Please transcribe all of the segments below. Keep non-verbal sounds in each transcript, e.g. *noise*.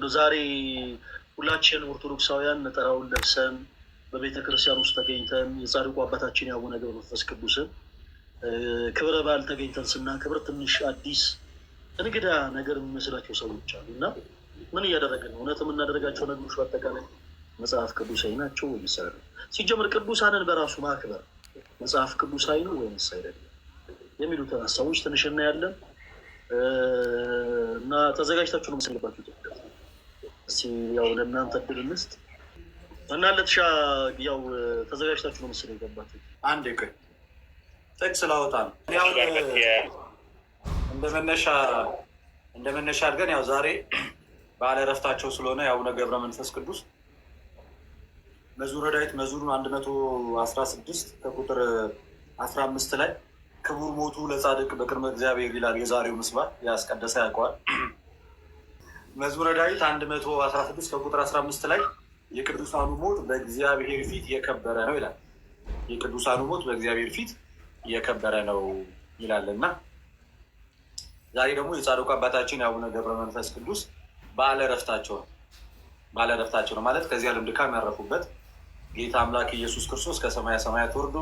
እንደ ዛሬ ሁላችን ኦርቶዶክሳውያን ነጠራውን ለብሰን በቤተ ክርስቲያን ውስጥ ተገኝተን የጻድቁ አባታችን ያቡ ገብረ መንፈስ ቅዱስን ክብረ በዓል ተገኝተን ስናከብር ትንሽ አዲስ እንግዳ ነገር የሚመስላቸው ሰዎች አሉ እና ምን እያደረግን ነው? እውነት የምናደርጋቸው ነገሮች በአጠቃላይ መጽሐፍ ቅዱሳዊ ናቸው ወይስ አይደለም? ሲጀምር ቅዱሳንን በራሱ ማክበር መጽሐፍ ቅዱሳዊ ነው ወይስ አይደለም የሚሉትን ሀሳቦች ትንሽ እናያለን እና ተዘጋጅታችሁ ነው ኢትዮጵያ ያው ለእናንተ ፊልምስት እና ለትሻ ያው ተዘጋጅታችሁ ነው ምስል የገባት። አንድ ቆይ ጥቅስ ስላወጣ ነው እንደ መነሻ እንደ አድርገን ያው ዛሬ በዓለ ዕረፍታቸው ስለሆነ የአቡነ ገብረ መንፈስ ቅዱስ መዝሙረ ዳዊት መዝሙር አንድ መቶ አስራ ስድስት ከቁጥር አስራ አምስት ላይ ክቡር ሞቱ ለጻድቅ በቅድመ እግዚአብሔር ይላል የዛሬው ምስባል ያስቀደሰ ያውቀዋል መዝሙረ ዳዊት አንድ መቶ አስራ ስድስት ከቁጥር አስራ አምስት ላይ የቅዱሳኑ ሞት በእግዚአብሔር ፊት የከበረ ነው ይላል። የቅዱሳኑ ሞት በእግዚአብሔር ፊት የከበረ ነው ይላል እና ዛሬ ደግሞ የጻድቁ አባታችን የአቡነ ገብረ መንፈስ ቅዱስ በዓለ ዕረፍታቸው ነው። በዓለ ዕረፍታቸው ነው ማለት ከዚህ ዓለም ድካም ያረፉበት ጌታ አምላክ ኢየሱስ ክርስቶስ ከሰማያ ሰማያት ወርዶ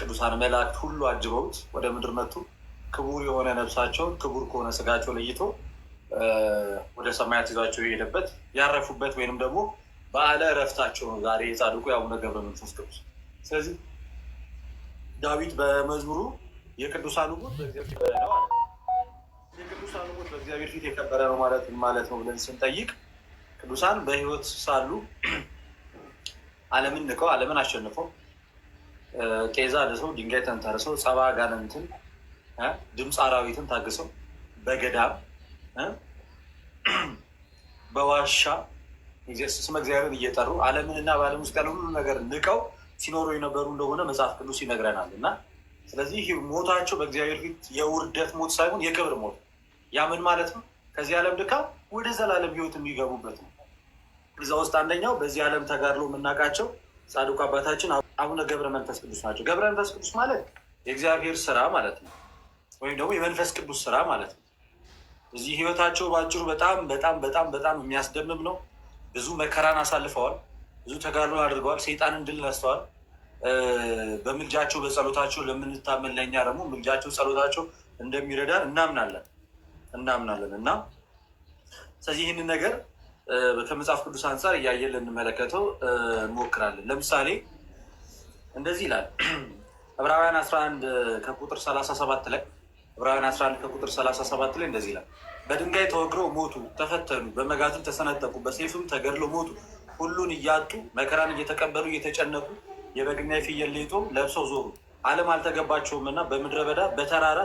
ቅዱሳን መላእክት ሁሉ አጅበውት ወደ ምድር መጡ። ክቡር የሆነ ነብሳቸውን ክቡር ከሆነ ስጋቸው ለይቶ ወደ ሰማያት ይዟቸው የሄደበት ያረፉበት ወይንም ደግሞ በዓለ እረፍታቸው ነው ዛሬ የጻድቁ የአቡነ ገብረ መንፈስ ቅዱስ። ስለዚህ ዳዊት በመዝሙሩ የቅዱሳን ሞት በእግዚአብሔር ነው በእግዚአብሔር ፊት የከበረ ነው ማለት ማለት ነው ብለን ስንጠይቅ ቅዱሳን በህይወት ሳሉ ዓለምን ንቀው ዓለምን አሸንፈው ጤዛ ልሰው ድንጋይ ተንተርሰው ጸባ ጋነንትን ድምፅ አራዊትን ታግሰው በገዳም በዋሻ ስመ እግዚአብሔርን እየጠሩ ዓለምንና በዓለም ውስጥ ያለ ሁሉ ነገር ንቀው ሲኖሩ የነበሩ እንደሆነ መጽሐፍ ቅዱስ ይነግረናል እና ስለዚህ ሞታቸው በእግዚአብሔር ፊት የውርደት ሞት ሳይሆን የክብር ሞት ያምን ማለት ነው። ከዚህ ዓለም ድካም ወደ ዘላለም ሕይወት የሚገቡበት ነው። እዛ ውስጥ አንደኛው በዚህ ዓለም ተጋድሎ የምናውቃቸው ጻድቁ አባታችን አቡነ ገብረ መንፈስ ቅዱስ ናቸው። ገብረ መንፈስ ቅዱስ ማለት የእግዚአብሔር ስራ ማለት ነው፣ ወይም ደግሞ የመንፈስ ቅዱስ ስራ ማለት ነው። እዚህ ህይወታቸው በአጭሩ በጣም በጣም በጣም በጣም የሚያስደምም ነው። ብዙ መከራን አሳልፈዋል። ብዙ ተጋድሎ አድርገዋል። ሰይጣንን ድል ነስተዋል። በምልጃቸው በጸሎታቸው ለምንታመን ለእኛ ደግሞ ምልጃቸው ጸሎታቸው እንደሚረዳን እናምናለን እናምናለን እና ስለዚህ ይህንን ነገር ከመጽሐፍ ቅዱስ አንጻር እያየን ልንመለከተው እንሞክራለን። ለምሳሌ እንደዚህ ይላል *clears throat* ዕብራውያን 11 ከቁጥር 37 ላይ ዕብራውያን 11 ከቁጥር 37 ላይ እንደዚህ ይላል፣ በድንጋይ ተወግረው ሞቱ፣ ተፈተኑ፣ በመጋዝም ተሰነጠቁ፣ በሰይፍም ተገድለው ሞቱ። ሁሉን እያጡ መከራን እየተቀበሉ እየተጨነቁ የበግና የፍየል ሌጦ ለብሰው ዞሩ። ዓለም አልተገባቸውም ና በምድረ በዳ በተራራ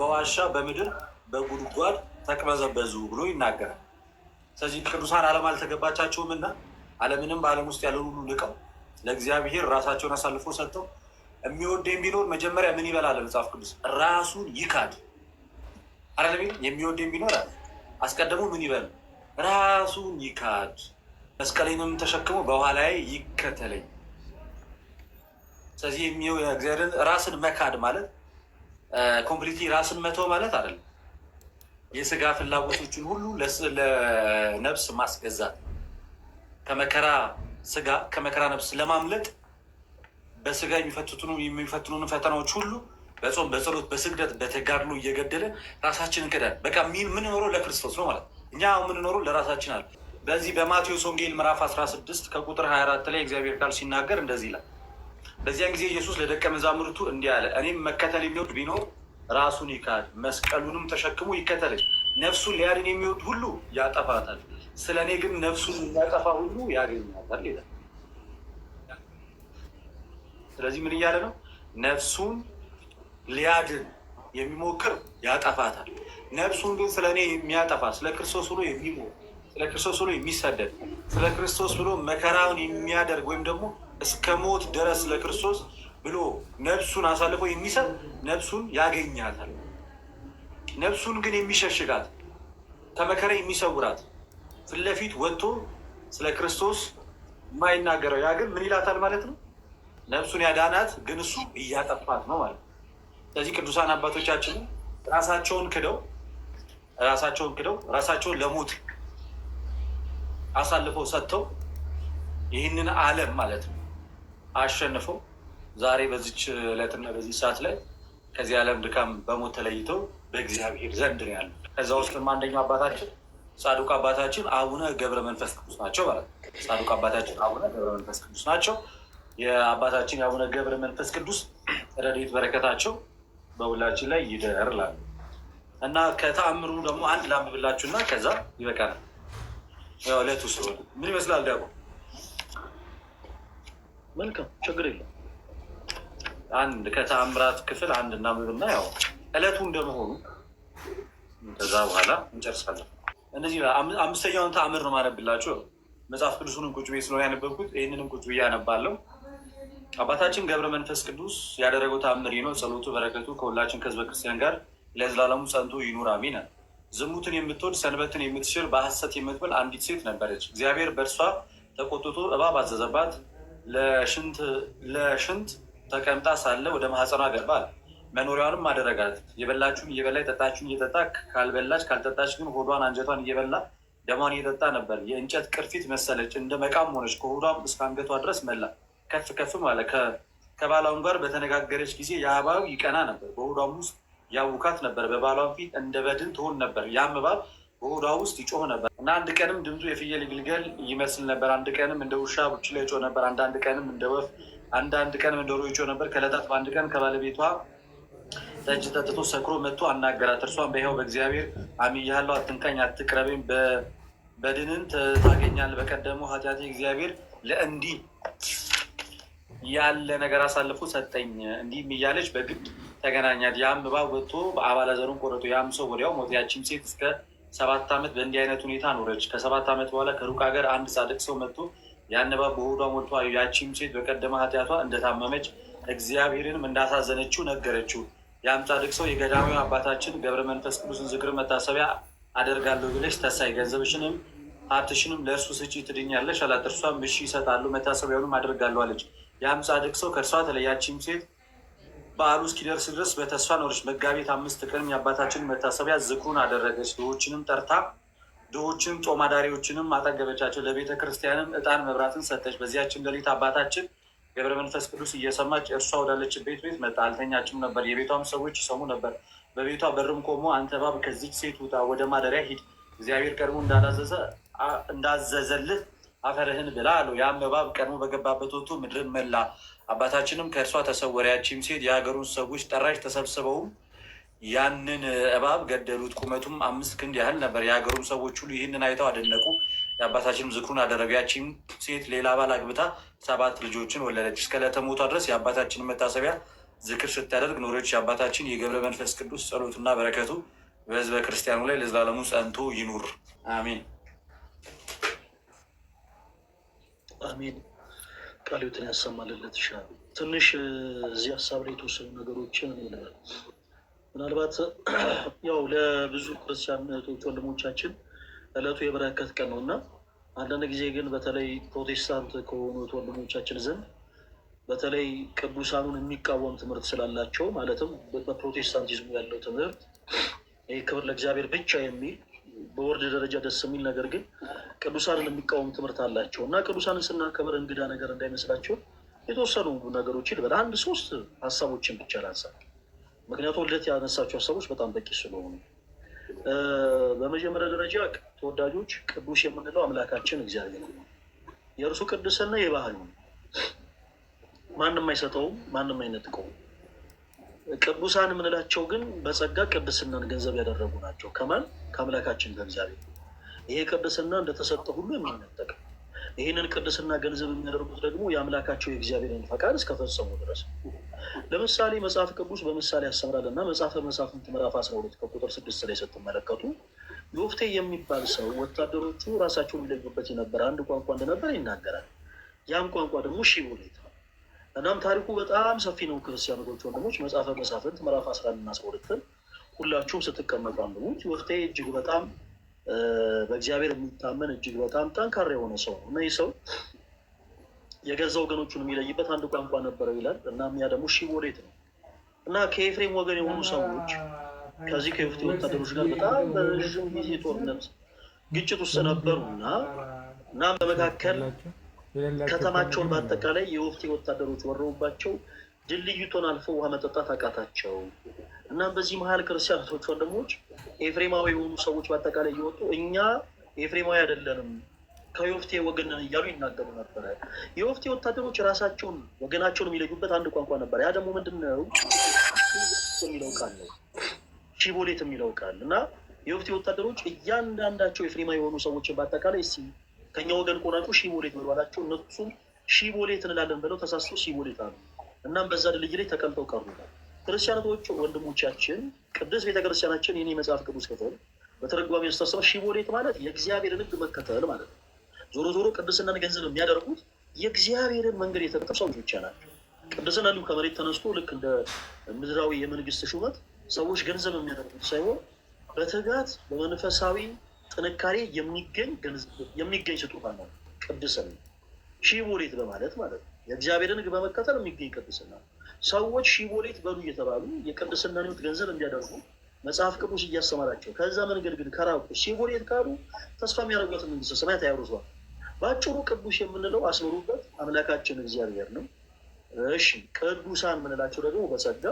በዋሻ በምድር በጉድጓድ ተቅበዘበዙ ብሎ ይናገራል። ስለዚህ ቅዱሳን ዓለም አልተገባቻቸውም እና ዓለምንም በዓለም ውስጥ ያለውን ሁሉ ንቀው ለእግዚአብሔር ራሳቸውን አሳልፎ ሰጥተው የሚወደኝ ቢኖር መጀመሪያ ምን ይበላል? መጽሐፍ ቅዱስ ራሱን ይካድ አረሚ የሚወደኝ ቢኖር አለ። አስቀድሞ ምን ይበል? ራሱን ይካድ መስቀሌንም ተሸክሞ በኋላ ላይ ይከተለኝ። ስለዚህ እግዚአብሔርን ራስን መካድ ማለት ኮምፕሊትሊ ራስን መተው ማለት አይደለም። የስጋ ፍላጎቶችን ሁሉ ለነፍስ ማስገዛት ከመከራ ስጋ ከመከራ ነፍስ ለማምለጥ በስጋ የሚፈትኑ የሚፈትኑን ፈተናዎች ሁሉ በጾም በጸሎት በስግደት በተጋድሎ እየገደለ ራሳችን እንክዳል። በቃ የምንኖረው ለክርስቶስ ነው ማለት እኛ የምንኖረው ለራሳችን አለ። በዚህ በማቴዎስ ወንጌል ምዕራፍ 16 ከቁጥር 24 ላይ እግዚአብሔር ቃል ሲናገር እንደዚህ ይላል። በዚያን ጊዜ ኢየሱስ ለደቀ መዛሙርቱ እንዲህ አለ፣ እኔም መከተል የሚወድ ቢኖር ራሱን ይካድ፣ መስቀሉንም ተሸክሞ ይከተለኝ። ነፍሱን ሊያድን የሚወድ ሁሉ ያጠፋታል፣ ስለ እኔ ግን ነፍሱን የሚያጠፋ ሁሉ ያገኛታል ይላል። ስለዚህ ምን እያለ ነው? ነፍሱን ሊያድን የሚሞክር ያጠፋታል። ነፍሱን ግን ስለ እኔ የሚያጠፋ ስለ ክርስቶስ ብሎ የሚሞ ስለ ክርስቶስ ብሎ የሚሰደድ ስለ ክርስቶስ ብሎ መከራውን የሚያደርግ ወይም ደግሞ እስከ ሞት ድረስ ስለ ክርስቶስ ብሎ ነፍሱን አሳልፎ የሚሰጥ ነፍሱን ያገኛታል። ነፍሱን ግን የሚሸሽጋት ከመከራ የሚሰውራት ፊት ለፊት ወጥቶ ስለ ክርስቶስ የማይናገረው ያ ግን ምን ይላታል ማለት ነው ነፍሱን ያዳናት ግን እሱ እያጠፋት ነው ማለት ነው። ስለዚህ ቅዱሳን አባቶቻችን ራሳቸውን ክደው ራሳቸውን ክደው ራሳቸውን ለሞት አሳልፈው ሰጥተው ይህንን ዓለም ማለት ነው አሸንፈው ዛሬ በዚች ዕለትና በዚህ ሰዓት ላይ ከዚህ ዓለም ድካም በሞት ተለይተው በእግዚአብሔር ዘንድ ነው ያሉ። ከዛ ውስጥም አንደኛው አባታችን ጻድቁ አባታችን አቡነ ገብረ መንፈስ ቅዱስ ናቸው ማለት ነው። ጻድቁ አባታችን አቡነ ገብረ መንፈስ ቅዱስ ናቸው። የአባታችን የአቡነ ገብረ መንፈስ ቅዱስ ረድኤት በረከታቸው በሁላችን ላይ ይደር ላሉ እና ከተአምሩ ደግሞ አንድ ላንብብላችሁና ከዛ ይበቃናል። ዕለቱ ስለሆነ ምን ይመስላል ደግሞ መልካም ችግር የለም። አንድ ከተአምራት ክፍል አንድ እናምብና ያው ዕለቱ እንደመሆኑ ከዛ በኋላ እንጨርሳለን። እነዚህ አምስተኛውን ተአምር ነው ማነብላችሁ። መጽሐፍ ቅዱሱንም ቁጭ ብዬ ስለሆነ ያነበብኩት ይህንንም ቁጭ ብዬ አነባለሁ። አባታችን ገብረ መንፈስ ቅዱስ ያደረገው ተአምር ነው። ጸሎቱ በረከቱ ከሁላችን ከህዝበ ክርስቲያን ጋር ለዘላለሙ ጸንቶ ይኑር አሚን። ዝሙትን የምትወድ ሰንበትን የምትሽር በሐሰት የምትበል አንዲት ሴት ነበረች። እግዚአብሔር በእርሷ ተቆጥቶ እባብ አዘዘባት። ለሽንት ተቀምጣ ሳለ ወደ ማህፀኗ ገባል። መኖሪያዋንም አደረጋት። የበላችሁን እየበላ የጠጣችሁን እየጠጣ ካልበላች ካልጠጣች ግን ሆዷን አንጀቷን እየበላ ደሟን እየጠጣ ነበር። የእንጨት ቅርፊት መሰለች፣ እንደ መቃም ሆነች። ከሆዷም እስከ አንገቷ ድረስ መላ ከፍ ከፍ አለ። ከባሏም ጋር በተነጋገረች ጊዜ የአባብ ይቀና ነበር፣ በሆዷም ውስጥ ያውካት ነበር፣ በባሏም ፊት እንደ በድን ትሆን ነበር። ያም እባብ በሆዷ ውስጥ ይጮህ ነበር እና አንድ ቀንም ድምፁ የፍየል ግልገል ይመስል ነበር። አንድ ቀንም እንደ ውሻ ቡችላ ይጮህ ነበር። አንዳንድ ቀንም እንደ ወፍ፣ አንዳንድ ቀንም እንደ ዶሮ ይጮህ ነበር። ከዕለታት በአንድ ቀን ከባለቤቷ ጠጅ ጠጥቶ ሰክሮ መጥቶ አናገራት። እርሷን በይኸው በእግዚአብሔር አምኜሃለሁ፣ አትንካኝ፣ አትቅረቤም፣ በድንን ታገኛለህ። በቀደሙ ኃጢአቴ እግዚአብሔር ለእንዲህ ያለ ነገር አሳልፎ ሰጠኝ፣ እንዲህም እያለች በግድ ተገናኛት። ያም እባብ ወጥቶ በአባላ ዘሩን ቆረጡ። ያም ሰው ወዲያው ሞት። ያችም ሴት እስከ ሰባት ዓመት በእንዲህ አይነት ሁኔታ ኖረች። ከሰባት ዓመት በኋላ ከሩቅ ሀገር አንድ ጻድቅ ሰው መጥቶ ያን እባብ በሆዷ ሞልቶ አዩ። ያችም ሴት በቀደመ ኃጢአቷ እንደታመመች እግዚአብሔርንም እንዳሳዘነችው ነገረችው። ያም ጻድቅ ሰው የገዳሚ አባታችን ገብረ መንፈስ ቅዱስን ዝክር መታሰቢያ አደርጋለሁ ብለሽ ተሳይ ገንዘብሽንም ሀብትሽንም ለእርሱ ስጪ ትድኛለሽ አላት። እርሷም እሺ ይሰጣሉ መታሰቢያውንም አደርጋለሁ አለች። ያም ጻድቅ ሰው ከእርሷ ተለያችም ሴት በዓሉ እስኪደርስ ድረስ በተስፋ ኖረች። መጋቢት አምስት ቀንም የአባታችን መታሰቢያ ዝክሩን አደረገች። ድሆችንም ጠርታ ድሆችን ጦም አዳሪዎችንም አጠገበቻቸው። ለቤተ ክርስቲያንም ዕጣን መብራትን ሰጠች። በዚያችን ሌሊት አባታችን ገብረ መንፈስ ቅዱስ እየሰማች እርሷ ወዳለችበት ቤት መጣ። አልተኛችም ነበር። የቤቷም ሰዎች ይሰሙ ነበር። በቤቷ በርም ቆሞ አንተ እባብ ከዚች ሴት ውጣ፣ ወደ ማደሪያ ሂድ፣ እግዚአብሔር ቀድሞ እንዳዘዘልህ አፈርህን ብላ አለው። ያም እባብ ቀድሞ በገባበት ወጥቶ ምድርን መላ። አባታችንም ከእርሷ ተሰወረ። ያቺም ሴት የሀገሩን ሰዎች ጠራች። ተሰብስበውም ያንን እባብ ገደሉት። ቁመቱም አምስት ክንድ ያህል ነበር። የሀገሩም ሰዎች ሁሉ ይህንን አይተው አደነቁ። የአባታችንም ዝክሩን አደረጉ። ያቺም ሴት ሌላ ባል አግብታ ሰባት ልጆችን ወለደች። እስከ ዕለተ ሞቷ ድረስ የአባታችን መታሰቢያ ዝክር ስታደርግ ኖሮች። የአባታችን የገብረ መንፈስ ቅዱስ ጸሎትና በረከቱ በህዝበ ክርስቲያኑ ላይ ለዘላለሙ ጸንቶ ይኑር፣ አሜን። አሜን። ቃልዮትን ያሰማልለት ይሻል። ትንሽ እዚህ ሀሳብ ላይ የተወሰኑ ነገሮችን ምናልባት ያው ለብዙ ክርስቲያን እህቶች ወንድሞቻችን እለቱ የበረከት ቀን ነው እና አንዳንድ ጊዜ ግን በተለይ ፕሮቴስታንት ከሆኑት ወንድሞቻችን ዘንድ በተለይ ቅዱሳኑን የሚቃወም ትምህርት ስላላቸው ማለትም በፕሮቴስታንቲዝሙ ያለው ትምህርት ይህ ክብር ለእግዚአብሔር ብቻ የሚል በወርድ ደረጃ ደስ የሚል ነገር ግን ቅዱሳንን የሚቃወም ትምህርት አላቸው እና ቅዱሳንን ስናከብር እንግዳ ነገር እንዳይመስላቸው የተወሰኑ ነገሮች ወደ አንድ ሶስት ሀሳቦችን ብቻ ላንሳ። ምክንያቱም ልደት ያነሳቸው ሀሳቦች በጣም በቂ ስለሆኑ፣ በመጀመሪያ ደረጃ ተወዳጆች፣ ቅዱስ የምንለው አምላካችን እግዚአብሔር ነው። የእርሱ ቅድስና የባህሪው ነው። ማንም አይሰጠውም፣ ማንም አይነጥቀውም። ቅዱሳን የምንላቸው ግን በጸጋ ቅድስናን ገንዘብ ያደረጉ ናቸው። ከማን ከአምላካችን ከእግዚአብሔር። ይሄ ቅድስና እንደተሰጠ ሁሉ የሚነጠቅ ይህንን ቅድስና ገንዘብ የሚያደርጉት ደግሞ የአምላካቸው የእግዚአብሔርን ፈቃድ እስከፈጸሙ ድረስ። ለምሳሌ መጽሐፍ ቅዱስ በምሳሌ ያስተምራል እና መጽሐፈ መሳፍንት ምዕራፍ አስራ ሁለት ከቁጥር ስድስት ላይ ስትመለከቱ ዮፍቴ የሚባል ሰው ወታደሮቹ ራሳቸውን ይለዩበት የነበረ አንድ ቋንቋ እንደነበረ ይናገራል። ያም ቋንቋ ደግሞ ሺቡሌት እናም ታሪኩ በጣም ሰፊ ነው። ክርስቲያን ጎች ወንድሞች፣ መጽሐፈ መሳፍንት ምዕራፍ አስራ አንድ እና አስራ ሁለትን ሁላችሁም ስትቀመጡ አንብቡት። ወፍቴ እጅግ በጣም በእግዚአብሔር የሚታመን እጅግ በጣም ጠንካራ የሆነ ሰው ነው እና ይህ ሰው የገዛ ወገኖቹን የሚለይበት አንድ ቋንቋ ነበረው ይላል እና ያ ደግሞ ሺቦሌት ነው እና ከኤፍሬም ወገን የሆኑ ሰዎች ከዚህ ከወፍቴ ወታደሮች ጋር በጣም በረዥም ጊዜ ጦርነት ግጭት ውስጥ ነበሩ እና እና በመካከል ከተማቸውን በአጠቃላይ የወፍቴ ወታደሮች ወረቡባቸው፣ ድልድዩን አልፎ ውሃ መጠጣት አቃታቸው። እናም በዚህ መሀል ክርስቲያኖች ወንድሞች፣ ኤፍሬማዊ የሆኑ ሰዎች በአጠቃላይ እየወጡ እኛ ኤፍሬማዊ አይደለንም ከዮፍቴ ወገን እያሉ ይናገሩ ነበረ። የወፍቴ ወታደሮች ራሳቸውን ወገናቸውን የሚለዩበት አንድ ቋንቋ ነበር። ያ ደግሞ ምንድን ነው? የሚለው ቃል ነው። ሺቦሌት የሚለው ቃል እና የወፍቴ ወታደሮች እያንዳንዳቸው ኤፍሬማዊ የሆኑ ሰዎችን በአጠቃላይ ከኛ ወገን ከሆናችሁ ሺቦሌት መባላቸው እነሱም ሺቦሌት እንላለን ብለው ተሳስቶ ሺቦሌት አሉ። እናም በዛ ድልድይ ላይ ተቀምጠው ቀሩ። ክርስቲያኖች ወንድሞቻችን፣ ቅዱስ ቤተክርስቲያናችን የኔ መጽሐፍ ቅዱስ ክፍል በተረጓሚ ስተሰባ ሺቦሌት ማለት የእግዚአብሔርን ሕግ መከተል ማለት ነው። ዞሮ ዞሮ ቅድስናን ገንዘብ የሚያደርጉት የእግዚአብሔርን መንገድ የተከተሉ ሰዎች ብቻ ናቸው። ቅድስና እንዲሁ ከመሬት ተነስቶ ልክ እንደ ምድራዊ የመንግስት ሹመት ሰዎች ገንዘብ የሚያደርጉት ሳይሆን በትጋት በመንፈሳዊ ጥንካሬ የሚገኝ የሚገኝ ስጦታ ነው ቅድስና፣ ሺቦሌት በማለት ማለት ነው። የእግዚአብሔርን ሕግ በመከተል የሚገኝ ቅድስና። ሰዎች ሺቦሌት በሉ እየተባሉ የቅድስና ሕይወት ገንዘብ እንዲያደርጉ መጽሐፍ ቅዱስ እያስተማራቸው ከዛ መንገድ ግን ከራቁ ሺቦሌት ካሉ ተስፋ የሚያደርጓት መንግስተ ሰማያት አያወርሷል። በአጭሩ ቅዱስ የምንለው አስኖሩበት አምላካችን እግዚአብሔር ነው። እሺ ቅዱሳን የምንላቸው ደግሞ በጸጋ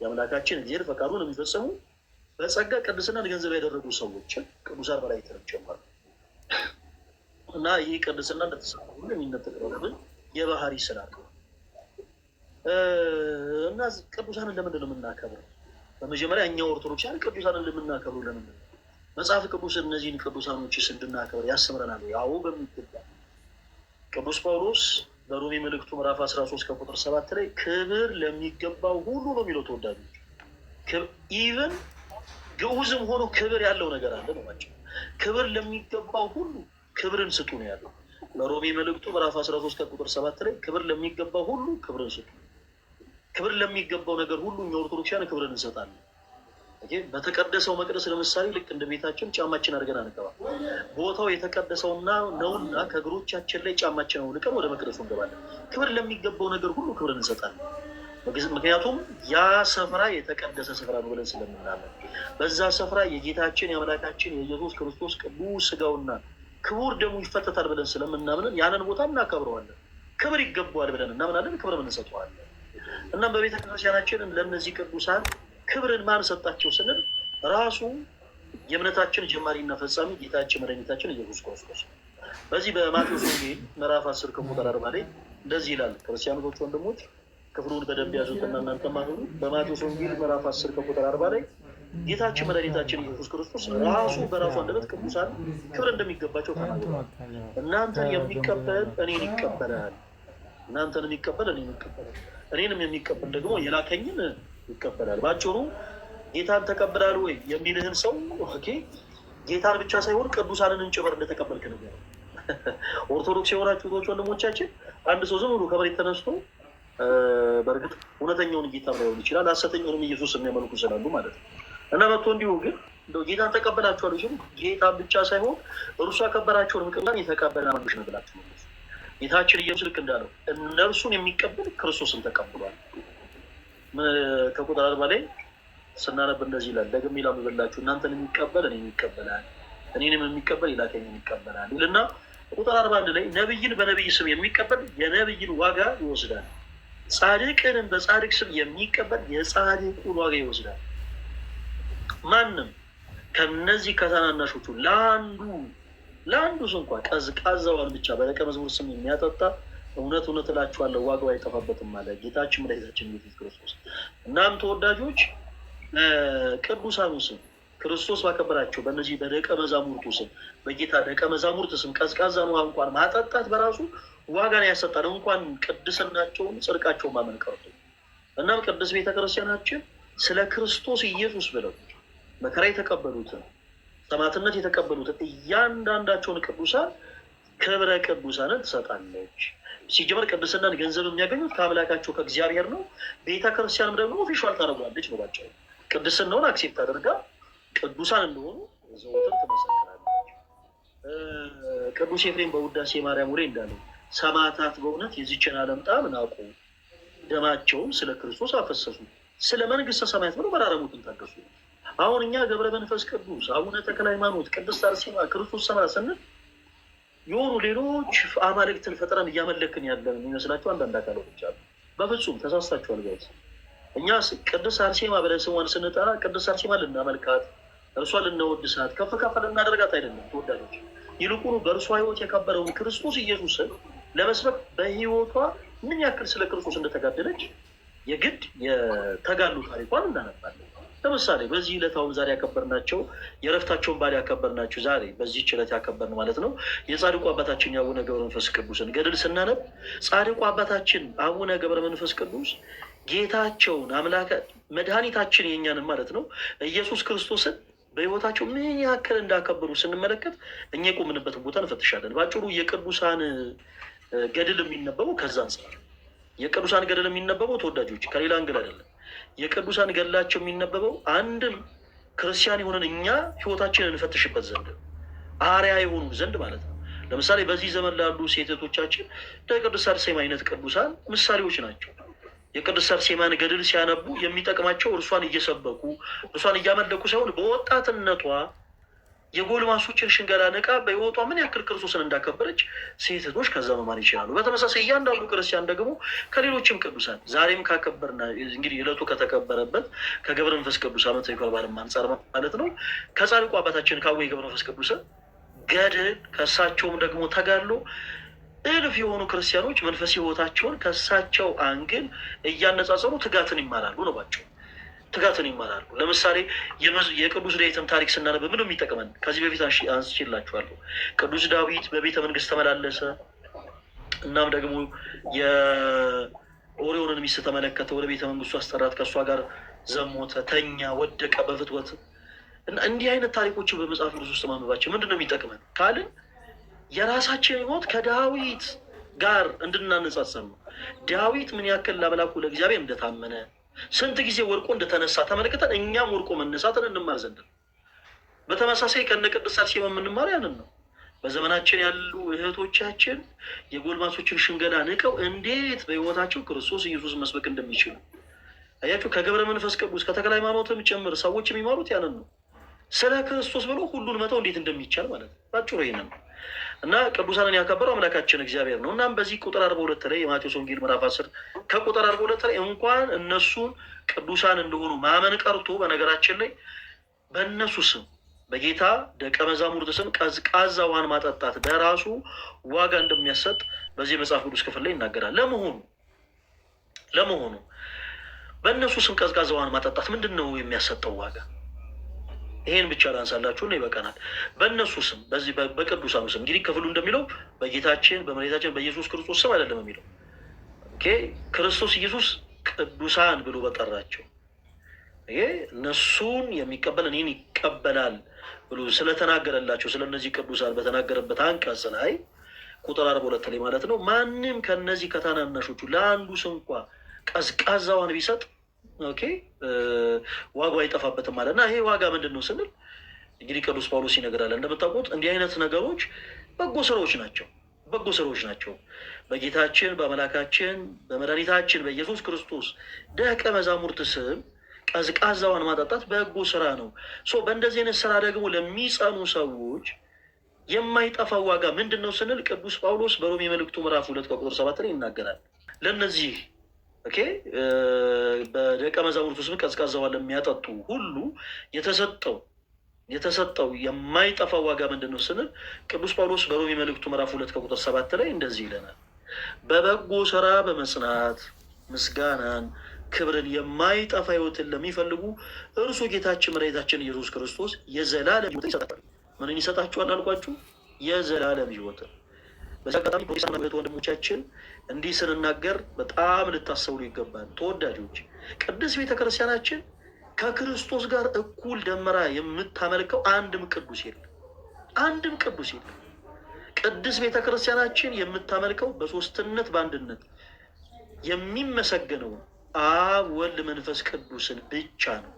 የአምላካችን እግዚአብሔር ፈቃዱን የሚፈጽሙ በጸጋ ቅድስናን ገንዘብ ያደረጉ ሰዎችን ቅዱሳን መላእክት ናቸው ማለት እና ይህ ቅድስና እንደተሰራ ሁሉ የሚነጠቅረብን የባህሪ ስራ እና ቅዱሳንን ለምንድን ነው የምናከብረው? በመጀመሪያ እኛ ኦርቶዶክሳን ቅዱሳንን ለምናከብረው ለምንድን ነው? መጽሐፍ ቅዱስ እነዚህን ቅዱሳኖች እንድናከብር ያስተምረናል። ያው በሚገባ ቅዱስ ጳውሎስ በሮሜ መልእክቱ ምዕራፍ አስራ ሶስት ከቁጥር ሰባት ላይ ክብር ለሚገባው ሁሉ ነው የሚለው ተወዳጆች ኢቨን ግዑዝም ሆኖ ክብር ያለው ነገር አለ ነው ክብር ለሚገባው ሁሉ ክብርን ስጡ ነው ያለው። ለሮሜ መልእክቱ ምዕራፍ 13 ከቁጥር ሰባት ላይ ክብር ለሚገባው ሁሉ ክብርን ስጡ። ክብር ለሚገባው ነገር ሁሉ እኛ ኦርቶዶክሲያን ክብርን እንሰጣለን። በተቀደሰው መቅደስ ለምሳሌ ልክ እንደ ቤታችን ጫማችን አድርገን አንገባ። ቦታው የተቀደሰውና ነውና ከእግሮቻችን ላይ ጫማችን አውልቀን ወደ መቅደሱ እንገባለን። ክብር ለሚገባው ነገር ሁሉ ክብርን እንሰጣለን። ምክንያቱም ያ ስፍራ የተቀደሰ ስፍራ ነው ብለን ስለምናለን በዛ ስፍራ የጌታችን የአምላካችን የኢየሱስ ክርስቶስ ቅዱስ ስጋውና ክቡር ደግሞ ይፈተታል ብለን ስለምናምንን ያንን ቦታ እናከብረዋለን። ክብር ይገባዋል ብለን እናምናለን። ክብር እንሰጠዋለን። እናም በቤተ ክርስቲያናችንን ለእነዚህ ቅዱሳን ክብርን ማን ሰጣቸው ስንል ራሱ የእምነታችን ጀማሪና ፈጻሚ ጌታችን መድኃኒታችን ኢየሱስ ክርስቶስ በዚህ በማቴዎስ ወንጌል ምዕራፍ አስር ከቁጥር አርባ ላይ እንደዚህ ይላል ክርስቲያኖች ወንድሞች ክፍሉን በደንብ ያዙትና እናንተ ማሆኑ በማቴዎስ ወንጌል ምዕራፍ አስር ከቁጥር አርባ ላይ ጌታችን መድኃኒታችን ኢየሱስ ክርስቶስ ራሱ በራሱ አንደበት ቅዱሳን ክብር እንደሚገባቸው ተናግሯል። እናንተን የሚቀበል እኔን ይቀበላል፣ እናንተን የሚቀበል እኔን ይቀበላል፣ እኔንም የሚቀበል ደግሞ የላከኝን ይቀበላል። ባጭሩ ጌታን ተቀብላል ወይ የሚልህን ሰው ጌታን ብቻ ሳይሆን ቅዱሳንን ጭምር እንደተቀበልክ ነገር ኦርቶዶክስ የሆናችሁ ወንድሞቻችን አንድ ሰው ዝም ብሎ ከመሬት ተነስቶ በእርግጥ እውነተኛውን ጌታ ላይሆን ይችላል፣ ሐሰተኛውንም ኢየሱስ የሚያመልኩ ስላሉ ማለት ነው። እና መቶ እንዲሁ ግን እንደው ጌታን ተቀበላችኋል ሲሉ ጌታ ብቻ ሳይሆን እርሱ ያከበራቸውን ምቅላን የተቀበለ አማኞች ነው ጌታችን ኢየሱስ ልክ እንዳለው እነርሱን የሚቀበል ክርስቶስን ተቀብሏል። ከቁጥር አርባ ላይ ስናነብ እንደዚህ ይላል። ደግሞ ላምብላችሁ እናንተን የሚቀበል እኔ ይቀበላል፣ እኔንም የሚቀበል ይላከኝ የሚቀበላል ይልና ቁጥር አርባ አንድ ላይ ነብይን በነብይ ስም የሚቀበል የነብይን ዋጋ ይወስዳል ጻድቅንም በጻድቅ ስም የሚቀበል የጻድቁ ዋጋ ይወስዳል። ማንም ከነዚህ ከታናናሾቹ ለአንዱ ለአንዱ እንኳ ቀዝቃዛዋን ብቻ በደቀ መዝሙር ስም የሚያጠጣ እውነት እውነት እላችኋለሁ ዋጋው አይጠፋበትም አለ ጌታችን መድኃኒታችን ኢየሱስ ክርስቶስ። እናም ተወዳጆች ቅዱሳኑ ስም ክርስቶስ ባከበራቸው በእነዚህ በደቀ መዛሙርቱ ስም በጌታ ደቀ መዛሙርት ስም ቀዝቃዛን ውሃ እንኳን ማጠጣት በራሱ ዋጋን ያሰጣል። እንኳን ቅድስናቸውን ጽድቃቸውን ማመን ቀርቶ እናም ቅድስት ቤተክርስቲያናችን ስለ ክርስቶስ ኢየሱስ ብለው መከራ የተቀበሉትን ሰማዕትነት የተቀበሉትን እያንዳንዳቸውን ቅዱሳን ክብረ ቅዱሳንን ትሰጣለች። ሲጀመር ቅድስናን ገንዘብ የሚያገኙት ከአምላካቸው ከእግዚአብሔር ነው። ቤተክርስቲያንም ደግሞ ኦፊሻል ታደርጓለች ነው ባቸው ቅድስናውን አክሴፕት አድርጋ ቅዱሳን እንደሆኑ ዘወትር ትመሰክራለች። ቅዱስ ኤፍሬም በውዳሴ ማርያም ወሬ እንዳለው ሰማዕታት በእውነት የዚችን ዓለም ጣም ናቁ፣ ደማቸውም ስለ ክርስቶስ አፈሰሱ፣ ስለ መንግስተ ሰማያት ብሎ መራረሙትን ታገሱ። አሁን እኛ ገብረ መንፈስ ቅዱስ፣ አቡነ ተክለ ሃይማኖት፣ ቅድስት አርሴማ፣ ክርስቶስ ሰማ ስንል የሆኑ ሌሎች አማልክትን ፈጥረን እያመለክን ያለን የሚመስላቸው አንዳንድ አካሎች አሉ። በፍጹም ተሳስታችኋል። ጋይዝ እኛ ቅድስት አርሴማ ብለን ስሟን ስንጠራ ቅድስት አርሴማ ልናመልካት እርሷ ልናወድሳት ከፍ ከፍ ልናደርጋት አይደለም ተወዳጆች፣ ይልቁኑ በእርሷ ህይወት የከበረውን ክርስቶስ ኢየሱስን ለመስበክ በህይወቷ ምን ያክል ስለ ክርስቶስ እንደተጋደለች የግድ የተጋሉ ታሪኳን እናነባለን። ለምሳሌ በዚህ ዕለት አሁን ዛሬ ያከበርናቸው የእረፍታቸውን በዓል ያከበርናቸው ዛሬ በዚህች ዕለት ያከበርን ማለት ነው። የጻድቁ አባታችን የአቡነ ገብረ መንፈስ ቅዱስን ገድል ስናነብ ጻድቁ አባታችን አቡነ ገብረ መንፈስ ቅዱስ ጌታቸውን አምላከ መድኃኒታችን የእኛንም ማለት ነው ኢየሱስ ክርስቶስን በህይወታቸው ምን ያክል እንዳከበሩ ስንመለከት እኛ የቆምንበትን ቦታ እንፈትሻለን። በአጭሩ የቅዱሳን ገድል የሚነበበው ከዛ አንጻር የቅዱሳን ገድል የሚነበበው ተወዳጆች ከሌላ እንግል አይደለም። የቅዱሳን ገድላቸው የሚነበበው አንድም ክርስቲያን የሆነን እኛ ህይወታችንን እንፈትሽበት ዘንድ አርያ የሆኑ ዘንድ ማለት ነው። ለምሳሌ በዚህ ዘመን ላሉ ሴቶቻችን ለቅዱስ አርሴማ አይነት ቅዱሳን ምሳሌዎች ናቸው። የቅድስት አርሴማን ገድል ሲያነቡ የሚጠቅማቸው እርሷን እየሰበኩ እርሷን እያመለኩ ሳይሆን በወጣትነቷ የጎልማሶችን ሽንገላ ንቃ በሕይወቷ ምን ያክል ክርስቶስን እንዳከበረች ሴት ከዛ መማር ይችላሉ። በተመሳሳይ እያንዳንዱ ክርስቲያን ደግሞ ከሌሎችም ቅዱሳን ዛሬም ካከበርና እንግዲህ ዕለቱ ከተከበረበት ከገብረ መንፈስ ቅዱስ አመት ክብረ በዓል አንጻር ማለት ነው ከጻድቁ አባታችን ካወ ገብረ መንፈስ ቅዱስ ገድል ከእሳቸውም ደግሞ ተጋድሎ እልፍ የሆኑ ክርስቲያኖች መንፈስ ህይወታቸውን ከእሳቸው አንግል እያነጻጸሩ ትጋትን ይማራሉ ነው ባቸው። ትጋትን ይማራሉ። ለምሳሌ የቅዱስ ዳዊትን ታሪክ ስናነብ ምን ይጠቅመን ከዚህ በፊት አንስቼላችኋለሁ። ቅዱስ ዳዊት በቤተ መንግስት ተመላለሰ። እናም ደግሞ የኦሪዮንን ሚስት ተመለከተ፣ ወደ ቤተ መንግስቱ አስጠራት፣ ከእሷ ጋር ዘሞተ፣ ተኛ፣ ወደቀ በፍትወት እንዲህ አይነት ታሪኮችን በመጽሐፍ ቅዱስ ውስጥ ማንበባቸው ምንድን ነው የሚጠቅመን ካልን የራሳችን ህይወት ከዳዊት ጋር እንድናነጻጸም ነው። ዳዊት ምን ያክል ለአምላኩ ለእግዚአብሔር እንደታመነ ስንት ጊዜ ወድቆ እንደተነሳ ተመልክተን እኛም ወድቆ መነሳትን እንማር ዘንድ ነው። በተመሳሳይ ከነ ቅድስት አርሴማ የምንማር ያንን ነው። በዘመናችን ያሉ እህቶቻችን የጎልማሶችን ሽንገላ ንቀው እንዴት በህይወታቸው ክርስቶስ ኢየሱስ መስበክ እንደሚችሉ አያችሁ። ከገብረ መንፈስ ቅዱስ ከተክለ ሃይማኖትም ጭምር ሰዎች የሚማሩት ያንን ነው። ስለ ክርስቶስ ብሎ ሁሉን መተው እንዴት እንደሚቻል ማለት ነው። ባጭሩ ይህንን ነው። እና ቅዱሳንን ያከበረው አምላካችን እግዚአብሔር ነው። እናም በዚህ ቁጥር አርባ ሁለት ላይ የማቴዎስ ወንጌል ምዕራፍ አስር ከቁጥር አርባ ሁለት ላይ እንኳን እነሱን ቅዱሳን እንደሆኑ ማመን ቀርቶ በነገራችን ላይ በእነሱ ስም በጌታ ደቀ መዛሙርት ስም ቀዝቃዛ ውሃን ማጠጣት በራሱ ዋጋ እንደሚያሰጥ በዚህ መጽሐፍ ቅዱስ ክፍል ላይ ይናገራል። ለመሆኑ ለመሆኑ በእነሱ ስም ቀዝቃዛ ውሃን ማጠጣት ምንድን ነው የሚያሰጠው ዋጋ? ይሄን ብቻ ነው ይበቃናል። በእነሱ ስም በዚህ በቅዱሳኑ ስም እንግዲህ ክፍሉ እንደሚለው በጌታችን በመሬታችን በኢየሱስ ክርስቶስ ስም አይደለም የሚለው ክርስቶስ ኢየሱስ ቅዱሳን ብሎ በጠራቸው ይሄ እነሱን የሚቀበል እኔን ይቀበላል ብሎ ስለተናገረላቸው ስለ እነዚህ ቅዱሳን በተናገረበት አንቀጽ ላይ ቁጥር አርባ ሁለት ላይ ማለት ነው ማንም ከነዚህ ከታናናሾቹ ለአንዱ ስንኳ ቀዝቃዛዋን ቢሰጥ ኦኬ ዋጋው አይጠፋበትም አለ እና ይሄ ዋጋ ምንድን ነው ስንል እንግዲህ ቅዱስ ጳውሎስ ይነግራል። እንደምታውቁት እንዲህ አይነት ነገሮች በጎ ስራዎች ናቸው በጎ ስራዎች ናቸው። በጌታችን በአምላካችን በመድኃኒታችን በኢየሱስ ክርስቶስ ደቀ መዛሙርት ስም ቀዝቃዛዋን ማጠጣት በጎ ስራ ነው። ሶ በእንደዚህ አይነት ስራ ደግሞ ለሚጸኑ ሰዎች የማይጠፋው ዋጋ ምንድን ነው ስንል ቅዱስ ጳውሎስ በሮሜ መልእክቱ ምዕራፍ ሁለት ከቁጥር ሰባት ላይ ይናገራል ለእነዚህ ኦኬ በደቀ መዛሙርት ውስጥ ቀዝቃዛ ውሃ ለሚያጠጡ ሁሉ የተሰጠው የተሰጠው የማይጠፋ ዋጋ ምንድን ነው ስንል ቅዱስ ጳውሎስ በሮሜ መልእክቱ ምዕራፍ ሁለት ከቁጥር ሰባት ላይ እንደዚህ ይለናል። በበጎ ስራ በመጽናት ምስጋናን፣ ክብርን፣ የማይጠፋ ሕይወትን ለሚፈልጉ እርሱ ጌታችን መድኃኒታችን ኢየሱስ ክርስቶስ የዘላለም ሕይወትን ይሰጣል። ምንን ይሰጣችኋል አልኳችሁ? የዘላለም ሕይወትን በዚህ አጋጣሚ ፕሮቴስታንት እህት ወንድሞቻችን እንዲህ ስንናገር በጣም ልታሰብሉ ይገባል። ተወዳጆች ቅድስት ቤተክርስቲያናችን ከክርስቶስ ጋር እኩል ደመራ የምታመልከው አንድም ቅዱስ የለም፣ አንድም ቅዱስ የለም። ቅድስት ቤተክርስቲያናችን የምታመልከው በሶስትነት በአንድነት የሚመሰገነውን አብ ወልድ መንፈስ ቅዱስን ብቻ ነው።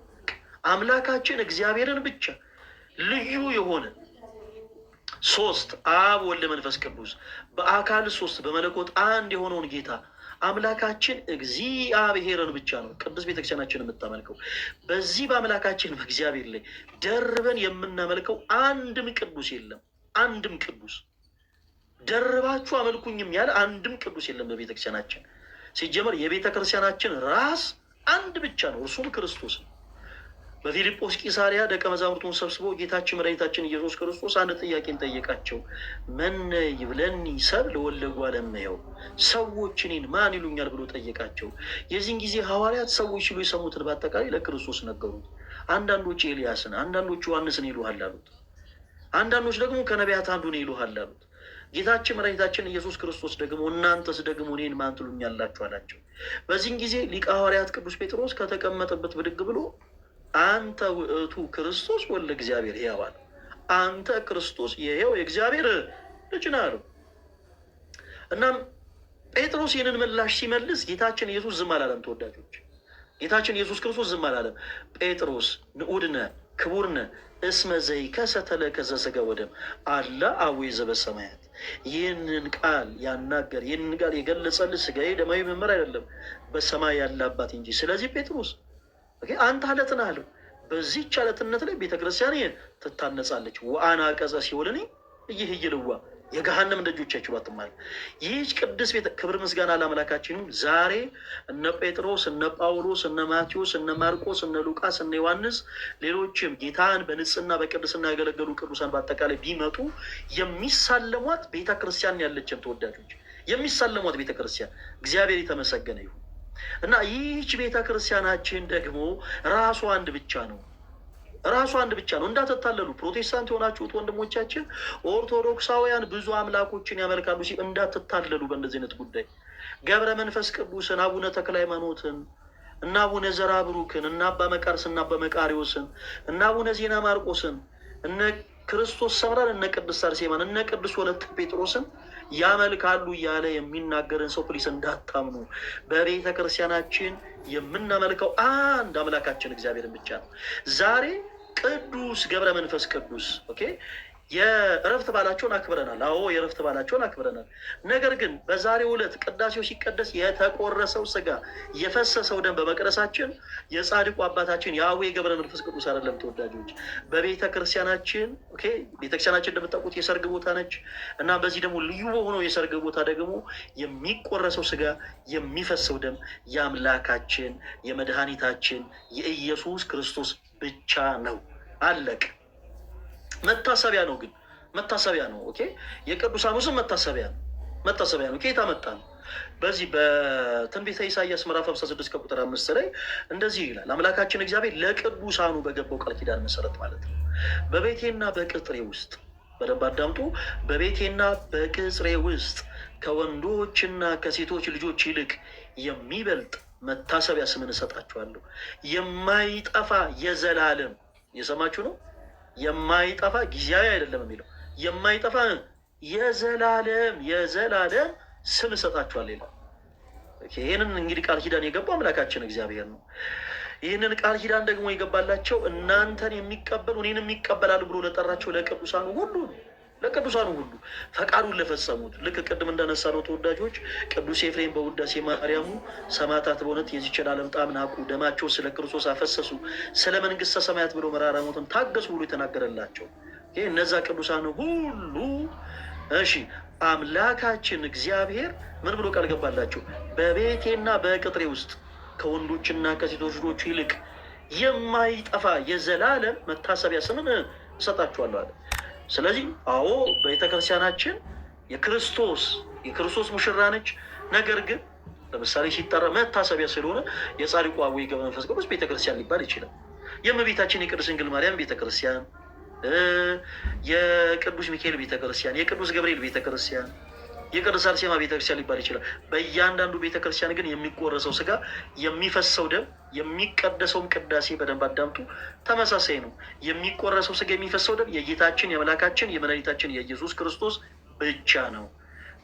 አምላካችን እግዚአብሔርን ብቻ ልዩ የሆነ ሶስት አብ ወልድ መንፈስ ቅዱስ በአካል ሶስት በመለኮት አንድ የሆነውን ጌታ አምላካችን እግዚአብሔርን ብቻ ነው ቅዱስ ቤተክርስቲያናችን የምታመልከው። በዚህ በአምላካችን በእግዚአብሔር ላይ ደርበን የምናመልከው አንድም ቅዱስ የለም። አንድም ቅዱስ ደርባችሁ አመልኩኝም ያለ አንድም ቅዱስ የለም በቤተክርስቲያናችን። ሲጀመር የቤተክርስቲያናችን ራስ አንድ ብቻ ነው፣ እርሱም ክርስቶስ ነው። በፊልጶስ ቂሳሪያ ደቀ መዛሙርቱን ሰብስቦ ጌታችን መድኃኒታችን ኢየሱስ ክርስቶስ አንድ ጥያቄን ጠየቃቸው። መነ ይብለኒ ሰብእ ለወለጉ አለመየው ሰዎች እኔን ማን ይሉኛል ብሎ ጠየቃቸው። የዚህን ጊዜ ሐዋርያት ሰዎች ሲሉ የሰሙትን በአጠቃላይ ለክርስቶስ ነገሩት። አንዳንዶች ኤልያስን፣ አንዳንዶች ዮሐንስን ይሉሃል አሉት። አንዳንዶች ደግሞ ከነቢያት አንዱ ነው ይሉሃል አሉት። ጌታችን መድኃኒታችን ኢየሱስ ክርስቶስ ደግሞ እናንተስ ደግሞ እኔን ማን ትሉኛላችሁ አላቸው። በዚህን ጊዜ ሊቀ ሐዋርያት ቅዱስ ጴጥሮስ ከተቀመጠበት ብድግ ብሎ አንተ ውእቱ ክርስቶስ ወልደ እግዚአብሔር ሕያው አለው። አንተ ክርስቶስ የሕያው የእግዚአብሔር ልጅ ነህ አለው። እናም ጴጥሮስ ይህንን ምላሽ ሲመልስ ጌታችን ኢየሱስ ዝም አላለም። ተወዳጆች ጌታችን ኢየሱስ ክርስቶስ ዝም አላለም። ጴጥሮስ ንዑድነ ክቡርነ እስመ ዘይከሰ ተለከሰ ሥጋ ወደም አላ አቡየ ዘበሰማያት ይህንን ቃል ያናገር ይህንን ቃል የገለጸልህ ሥጋዬ ደማዊ መመር አይደለም በሰማይ ያለ አባት እንጂ። ስለዚህ ጴጥሮስ አንተ አለት ነህ አለው። በዚህች አለትነት ላይ ቤተክርስቲያን ትታነጻለች። ወአና ቀጸ ሲወልኒ እይህ እይልዋ የገሃነም ደጆች ባትማል ይህች ቅድስት ቤተ ክብር ምስጋና ለአምላካችን ዛሬ እነ ጴጥሮስ እነ ጳውሎስ እነ ማቴዎስ እነ ማርቆስ እነ ሉቃስ እነ ዮሐንስ ሌሎችም ጌታን በንጽህና በቅድስና ያገለገሉ ቅዱሳን በአጠቃላይ ቢመጡ የሚሳለሟት ቤተ ክርስቲያን ያለችን ተወዳጆች የሚሳለሟት ቤተ ክርስቲያን እግዚአብሔር የተመሰገነ ይሁን እና ይህች ቤተ ክርስቲያናችን ደግሞ ራሱ አንድ ብቻ ነው ራሱ አንድ ብቻ ነው። እንዳትታለሉ። ፕሮቴስታንት የሆናችሁት ወንድሞቻችን ኦርቶዶክሳውያን ብዙ አምላኮችን ያመልካሉ ሲ እንዳትታለሉ። በእንደዚህ አይነት ጉዳይ ገብረ መንፈስ ቅዱስን፣ አቡነ ተክለ ሃይማኖትን እና አቡነ ዘራ ብሩክን እና አባ መቃርስ እና አባ መቃሪዎስን እና አቡነ ዜና ማርቆስን እነ ክርስቶስ ሰምራን እነ ቅድስት አርሴማን እነ ቅዱስ ወለተ ጴጥሮስን ያመልካሉ እያለ የሚናገርን ሰው ፕሊስ እንዳታምኑ። በቤተ ክርስቲያናችን የምናመልከው አንድ አምላካችን እግዚአብሔርን ብቻ ነው። ዛሬ ቅዱስ ገብረ መንፈስ ቅዱስ ኦኬ የእረፍት ባላቸውን አክብረናል። አዎ የእረፍት ባላቸውን አክብረናል። ነገር ግን በዛሬው ዕለት ቅዳሴው ሲቀደስ የተቆረሰው ስጋ የፈሰሰው ደም በመቅደሳችን የጻድቁ አባታችን የአቡነ ገብረ መንፈስ ቅዱስ አይደለም። ተወዳጆች በቤተ ክርስቲያናችን ቤተ ክርስቲያናችን እንደምታውቁት የሰርግ ቦታ ነች እና በዚህ ደግሞ ልዩ በሆነው የሰርግ ቦታ ደግሞ የሚቆረሰው ስጋ የሚፈሰው ደም የአምላካችን የመድኃኒታችን የኢየሱስ ክርስቶስ ብቻ ነው። አለቅ መታሰቢያ ነው ግን መታሰቢያ ነው። ኦኬ የቅዱሳኑ ስም መታሰቢያ ነው መታሰቢያ ነው። ከየት መጣ ነው? በዚህ በትንቢተ ኢሳያስ ምዕራፍ 56 ከቁጥር አምስት ላይ እንደዚህ ይላል አምላካችን እግዚአብሔር ለቅዱሳኑ በገባው ቃል ኪዳን መሰረት ማለት ነው በቤቴና በቅጥሬ ውስጥ በደንብ አዳምጡ። በቤቴና በቅጥሬ ውስጥ ከወንዶችና ከሴቶች ልጆች ይልቅ የሚበልጥ መታሰቢያ ስምን እሰጣችኋለሁ የማይጠፋ የዘላለም የሰማችሁ ነው የማይጠፋ ጊዜያዊ አይደለም የሚለው የማይጠፋ የዘላለም የዘላለም ስም እሰጣችኋል ይላል። ይህንን እንግዲህ ቃል ኪዳን የገባው አምላካችን እግዚአብሔር ነው። ይህንን ቃል ኪዳን ደግሞ የገባላቸው እናንተን የሚቀበል እኔንም ይቀበላል ብሎ ለጠራቸው ለቅዱሳኑ ሁሉ ለቅዱሳን ሁሉ ፈቃዱን ለፈጸሙት ልክ ቅድም ነው ተወዳጆች ቅዱስ ኤፍሬም በውዳሴ ማርያሙ ሰማዕታት በእውነት የዚችን ዓለም ጣዕም ናቁ፣ ደማቸው ስለ ክርስቶስ አፈሰሱ፣ ስለ መንግስተ ሰማያት ብሎ መራራ ሞትን ታገሱ ብሎ የተናገረላቸው ይህ እነዛ ቅዱሳን ሁሉ እሺ አምላካችን እግዚአብሔር ምን ብሎ ቃል ገባላቸው? በቤቴና በቅጥሬ ውስጥ ከወንዶችና ከሴቶች ልጆች ይልቅ የማይጠፋ የዘላለም መታሰቢያ ስምን እሰጣችኋለሁ አለ። ስለዚህ አዎ ቤተክርስቲያናችን የክርስቶስ የክርስቶስ ሙሽራ ነች። ነገር ግን ለምሳሌ ሲጠራ መታሰቢያ ስለሆነ የጻድቁ አቡነ ገብረ መንፈስ ቅዱስ ቤተክርስቲያን ሊባል ይችላል። የእመቤታችን የቅድስት ድንግል ማርያም ቤተክርስቲያን፣ የቅዱስ ሚካኤል ቤተክርስቲያን፣ የቅዱስ ገብርኤል ቤተክርስቲያን የቅዱስ አርሴማ ቤተክርስቲያን ሊባል ይችላል። በእያንዳንዱ ቤተክርስቲያን ግን የሚቆረሰው ስጋ፣ የሚፈሰው ደም፣ የሚቀደሰውም ቅዳሴ በደንብ አዳምጡ፣ ተመሳሳይ ነው። የሚቆረሰው ስጋ፣ የሚፈሰው ደም የጌታችን የመላካችን የመድኃኒታችን የኢየሱስ ክርስቶስ ብቻ ነው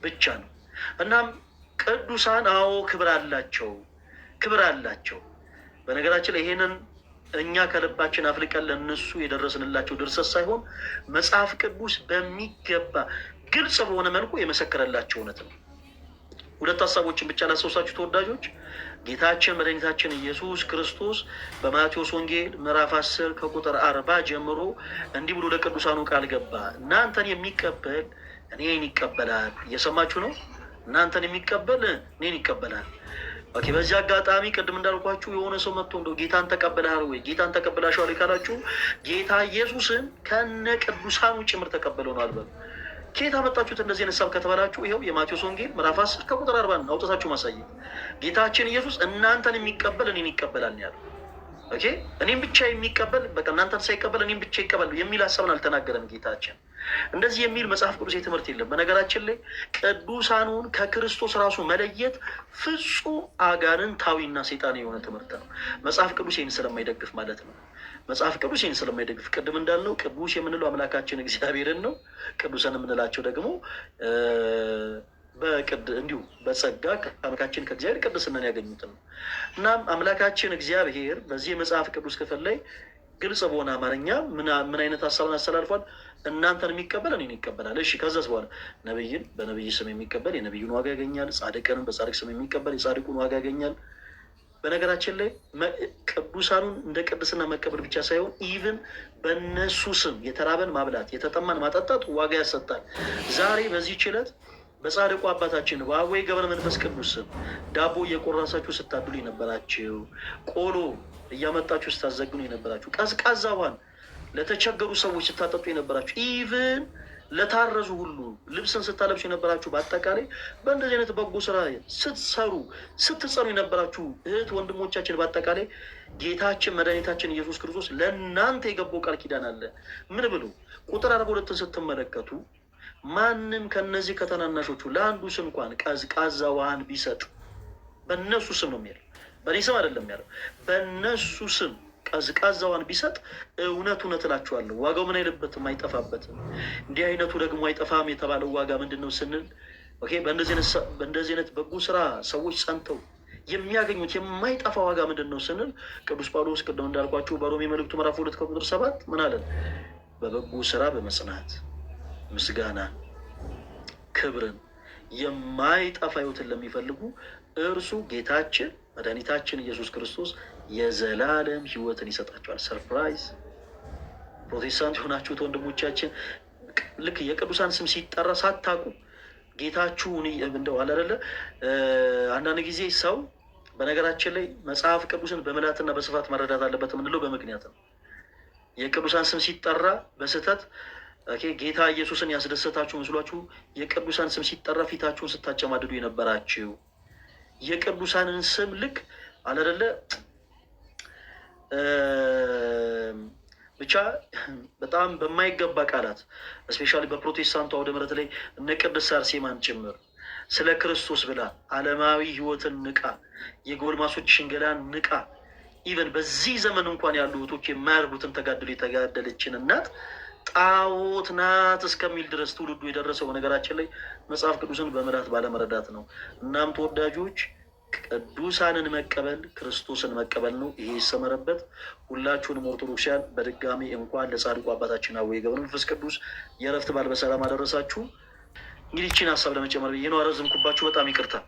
ብቻ ነው። እናም ቅዱሳን አዎ ክብር አላቸው፣ ክብር አላቸው። በነገራችን ላይ ይሄንን እኛ ከልባችን አፍልቀን ለእነሱ የደረስንላቸው ድርሰት ሳይሆን መጽሐፍ ቅዱስ በሚገባ ግልጽ በሆነ መልኩ የመሰከረላቸው እውነት ነው። ሁለት ሀሳቦችን ብቻ ላስታውሳችሁ ተወዳጆች። ጌታችን መድኃኒታችን ኢየሱስ ክርስቶስ በማቴዎስ ወንጌል ምዕራፍ አስር ከቁጥር አርባ ጀምሮ እንዲህ ብሎ ለቅዱሳኑ ቃል ገባ። እናንተን የሚቀበል እኔን ይቀበላል። እየሰማችሁ ነው። እናንተን የሚቀበል እኔን ይቀበላል። ኦኬ። በዚህ አጋጣሚ ቅድም እንዳልኳችሁ የሆነ ሰው መጥቶ እንደው ጌታን ተቀበልሃል ወይ ጌታን ተቀበላሸዋል ካላችሁ ጌታ ኢየሱስን ከነ ቅዱሳኑ ጭምር ተቀበለው ነው አልበሉ ከየት አመጣችሁት እንደዚህ አይነት ከተባላችሁ ይኸው የማቴዎስ ወንጌል ምዕራፍ አስር ከቁጥር አርባ ነው አውጥታችሁ ማሳየት። ጌታችን ኢየሱስ እናንተን የሚቀበል እኔን ይቀበላል ያለ ኦኬ፣ እኔም ብቻ የሚቀበል በቃ እናንተን ሳይቀበል እኔም ብቻ ይቀበል የሚል ሀሳብን አልተናገረም ጌታችን። እንደዚህ የሚል መጽሐፍ ቅዱስ ትምህርት የለም። በነገራችን ላይ ቅዱሳኑን ከክርስቶስ ራሱ መለየት ፍጹም አጋንንታዊና ሰይጣን የሆነ ትምህርት ነው። መጽሐፍ ቅዱስ ይህን ስለማይደግፍ ማለት ነው። መጽሐፍ ቅዱስ ይህን ስለማይደግፍ ቅድም እንዳልነው ቅዱስ የምንለው አምላካችን እግዚአብሔርን ነው። ቅዱሳን የምንላቸው ደግሞ በቅድ እንዲሁ በጸጋ አምላካችን ከእግዚአብሔር ቅድስናን ያገኙትን ነው። እናም አምላካችን እግዚአብሔር በዚህ የመጽሐፍ ቅዱስ ክፍል ላይ ግልጽ በሆነ አማርኛ ምን አይነት ሀሳብን አስተላልፏል? እናንተን የሚቀበል እኔን ይቀበላል። እሺ፣ ከዛስ በኋላ ነብይን በነብይ ስም የሚቀበል የነብዩን ዋጋ ያገኛል። ጻድቅንም በጻድቅ ስም የሚቀበል የጻድቁን ዋጋ ያገኛል። በነገራችን ላይ ቅዱሳኑን እንደ ቅድስና መቀበል ብቻ ሳይሆን ኢቭን በእነሱ ስም የተራበን ማብላት የተጠማን ማጠጣት ዋጋ ያሰጣል። ዛሬ በዚህ ችለት በጻድቁ አባታችን በአቡነ ገብረ መንፈስ ቅዱስ ስም ዳቦ እየቆራሳችሁ ስታድሉ የነበራችሁ፣ ቆሎ እያመጣችሁ ስታዘግኑ የነበራችሁ፣ ቀዝቃዛ ውሃን ለተቸገሩ ሰዎች ስታጠጡ የነበራችሁ ኢቭን ለታረዙ ሁሉ ልብስን ስታለብሱ የነበራችሁ በአጠቃላይ በእንደዚህ አይነት በጎ ስራ ስትሰሩ ስትጸኑ የነበራችሁ እህት ወንድሞቻችን በአጠቃላይ ጌታችን መድኃኒታችን ኢየሱስ ክርስቶስ ለእናንተ የገባው ቃል ኪዳን አለ። ምን ብሎ ቁጥር አርባ ሁለትን ስትመለከቱ ማንም ከነዚህ ከተናናሾቹ ለአንዱ ስም እንኳን ቀዝቃዛ ውሃን ቢሰጥ በእነሱ ስም ነው የሚለው፣ በእኔ ስም አይደለም ያለው፣ በእነሱ ስም ቀዝቃዛዋን ቢሰጥ እውነት እውነት እላችኋለሁ ዋጋው ምን አይልበትም፣ አይጠፋበትም። እንዲህ አይነቱ ደግሞ አይጠፋም የተባለው ዋጋ ምንድን ነው ስንል በእንደዚህ አይነት በጎ ስራ ሰዎች ጸንተው የሚያገኙት የማይጠፋ ዋጋ ምንድን ነው ስንል ቅዱስ ጳውሎስ ቅድም እንዳልኳቸው በሮሜ መልእክቱ ምዕራፍ ሁለት ከቁጥር ሰባት ምን አለን? በበጎ ስራ በመጽናት ምስጋና ክብርን የማይጠፋ ህይወትን ለሚፈልጉ እርሱ ጌታችን መድኃኒታችን ኢየሱስ ክርስቶስ የዘላለም ህይወትን ይሰጣቸዋል። ሰርፕራይዝ! ፕሮቴስታንት የሆናችሁት ወንድሞቻችን ልክ የቅዱሳን ስም ሲጠራ ሳታቁ ጌታችሁ እንደው አላደለ አንዳንድ ጊዜ ሰው በነገራችን ላይ መጽሐፍ ቅዱስን በመላትና በስፋት መረዳት አለበት የምንለው በምክንያት ነው። የቅዱሳን ስም ሲጠራ በስህተት ጌታ ኢየሱስን ያስደሰታችሁ መስሏችሁ የቅዱሳን ስም ሲጠራ ፊታችሁን ስታጨማድዱ የነበራችሁ የቅዱሳንን ስም ልክ አለደለ። ብቻ በጣም በማይገባ ቃላት እስፔሻሊ በፕሮቴስታንቱ አውደ ምሕረት ላይ እነ ቅድስት አርሴማን ጭምር ስለ ክርስቶስ ብላ ዓለማዊ ሕይወትን ንቃ፣ የጎልማሶች ሽንገላን ንቃ፣ ኢቨን በዚህ ዘመን እንኳን ያሉ እህቶች የማያርጉትን ተጋድሎ የተጋደለችን እናት ጣዖት ናት እስከሚል ድረስ ትውልዱ የደረሰው ነገራችን ላይ መጽሐፍ ቅዱስን በምራት ባለመረዳት ነው። እናም ተወዳጆች ቅዱሳንን መቀበል ክርስቶስን መቀበል ነው። ይሄ ይሰመረበት። ሁላችሁንም ኦርቶዶክሲያን በድጋሚ እንኳን ለጻድቁ አባታችን አቡነ ገብረ መንፈስ ቅዱስ የእረፍት በዓል በሰላም አደረሳችሁ። እንግዲህ ይህችን ሀሳብ ለመጨመር ብዬ ነው፣ አረዝምኩባችሁ፣ በጣም ይቅርታል።